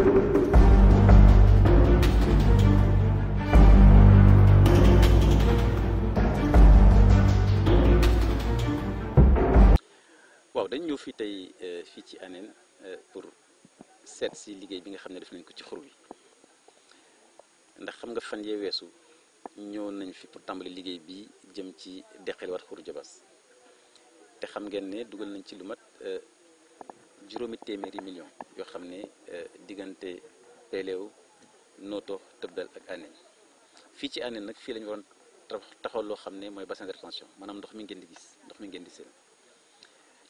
waaw dañ ñëw fii tey euh, fii ci ANEN euh, pour seet si liggéey bi nga xam ne def nañ ko ci xur wi ndax xam nga fan yee weesu ñëw nañ fi pour tàmbali liggéey bi jëm ci deqel waat xuru jobas te xam ngeen ne dugal nañ ci lu mat euh, juróomi téeméeri million yoo xam ne euh, diggante nootoo Noto Tëbdal ak Anéne fii ci Anéne nag fii la ñu waroon taxaw loo xam ne mooy bassin de rétention ndox mi ngeen di gis ndox mi ngeen di seen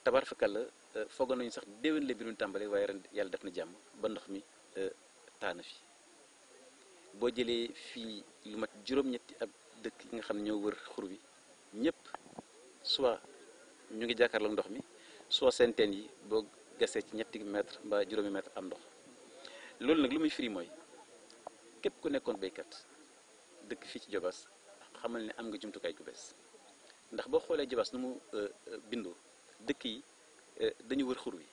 tabaar fakal la euh, foogoon nañu sax déwén la bi waaye ren yàlla def na jàmm ba ndox mi euh, taana fi boo jëlee fii lu mat juróom-ñetti ab dëkk yi nga xam ne ñoo wër xur bi ñëpp soit ñu ngi jàkkaarloog ndox mi soit seen teen yi gase ci ñetti mètre mbaa juróomi mètre am ndox loolu nag lu muy firi mooy képp ku nekkoon baykat dëkk fii ci Jobaas xamal ne am nga jumtukaay ku bees ndax boo xoolee Jobaas nu mu euh, euh, bindoo dëkk yi euh, dañu wër xur wi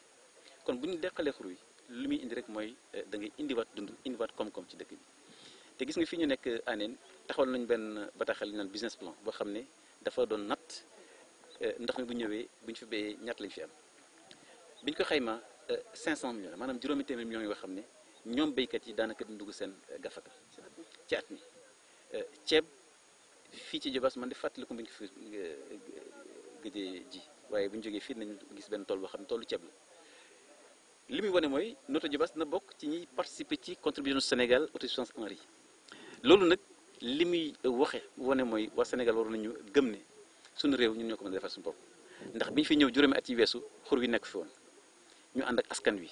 kon bu ñu deqalee xur wi lu muy indi rek mooy da ngay indiwaat dund indiwaat koom-koom ci dëkk bi te gis nga fi ñu nekk aneen taxawal nañu benn bataaxal ñu naan business plan boo xam ne dafa doon natt ndax mi bu ñëwee buñ ñu fi béyee ñaata lañu biñ ko xayma 500 euh, millions la maanaam juróomi téeméer millions yoo xam ne ñoom béykat yi daanaka duñ dugg seen euh, gafaka ci at mi euh, ceeb fii ci Diobass man di fàttaliku buñ ko fi gëjee ji waaye bu ñu jógee fii nañu gis benn tool boo xam ne toolu ceeb li muy wane mooy Notto Diobass dina bokk ci ñiy participer ci contribution Sénégal autosuffisance en riz loolu nag li muy waxe wane mooy waa Sénégal waroon nañu gëm ne réew ñun ñoo a defar suñu bopp ndax bi ñu fi ñëw juróomi at yi weesu xur wi nekk fi woon ñu ànd ak askan wi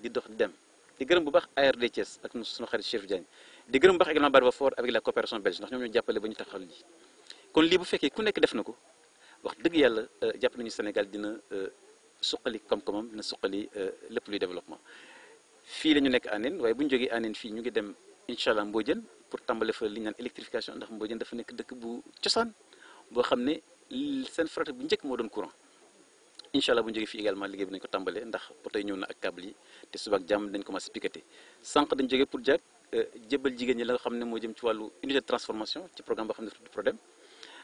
di dox dem di gërëm bu baax ARD Thiès ak suñu xarit Chérif Diagne di gërëm bu baax également Barba Fort avec la coopération belge ndax ñoom ñoo jàppale ba ñu taxawal lii kon lii bu fekkee ku nekk def na ko wax dëgg yàlla euh, jàpp nañu Sénégal dina euh, suqali koom-koomam dina suqali euh, lépp luy développement fii la ñu nekk Anéne waaye bu ñu jógee Anéne fii ñu ngi dem incha allah Mbodiène pour tàmbale fa li ñu naan électrification ndax Mbodiène dafa nekk dëkk bu cosaan boo xam ne seen farata bu njëkk moo doon courant incha allah bu ñu jógee fii également liggéey bi nañu ko tàmbalee ndax poto yi ñëw na ak câble yi te suba ak jàmm dañ commencé piqueté sànq dañ jógee pour jàkk euh, jébbal jigéen ñi la xam ne moo jëm ci wàllu unité de transformation ci programme boo xam ne problème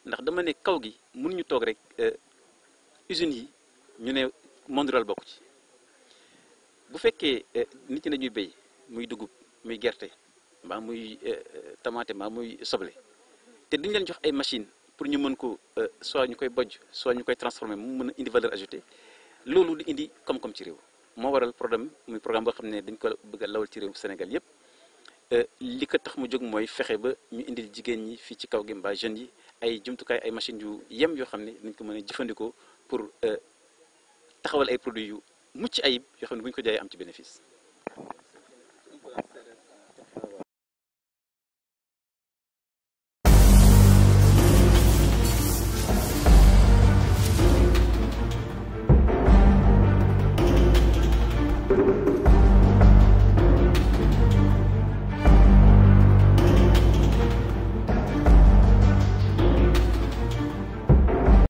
ndax dama ne kaw gi ñu toog rek euh, usines yi ñu ne monde bokk ci bu fekkee euh, nit ñi dañuy béy muy dugub muy gerte mbaa muy tamaate mbaa muy soble te duñ leen jox ay machine pour ñu mën ko euh, soit ñu koy boj soit ñu koy transformé mu mën a indi valeur ajoutée loolu di indi koom-koom ci réew moo waral problème muy programme boo xam ne dañ ko bëgg a lawal ci réew Sénégal yépp euh, li ko tax mu jóg mooy fexe ba ñu indil jigéen ñi fii ci kaw gi mbaa jeunes yi ay jumtukaay ay machines yu yem yoo xam ne dañ ko mën a jëfandikoo pour euh, taxawal ay produits yu mucc ayib yoo xam ne bu ñu ko jaayee am ci bénéfice.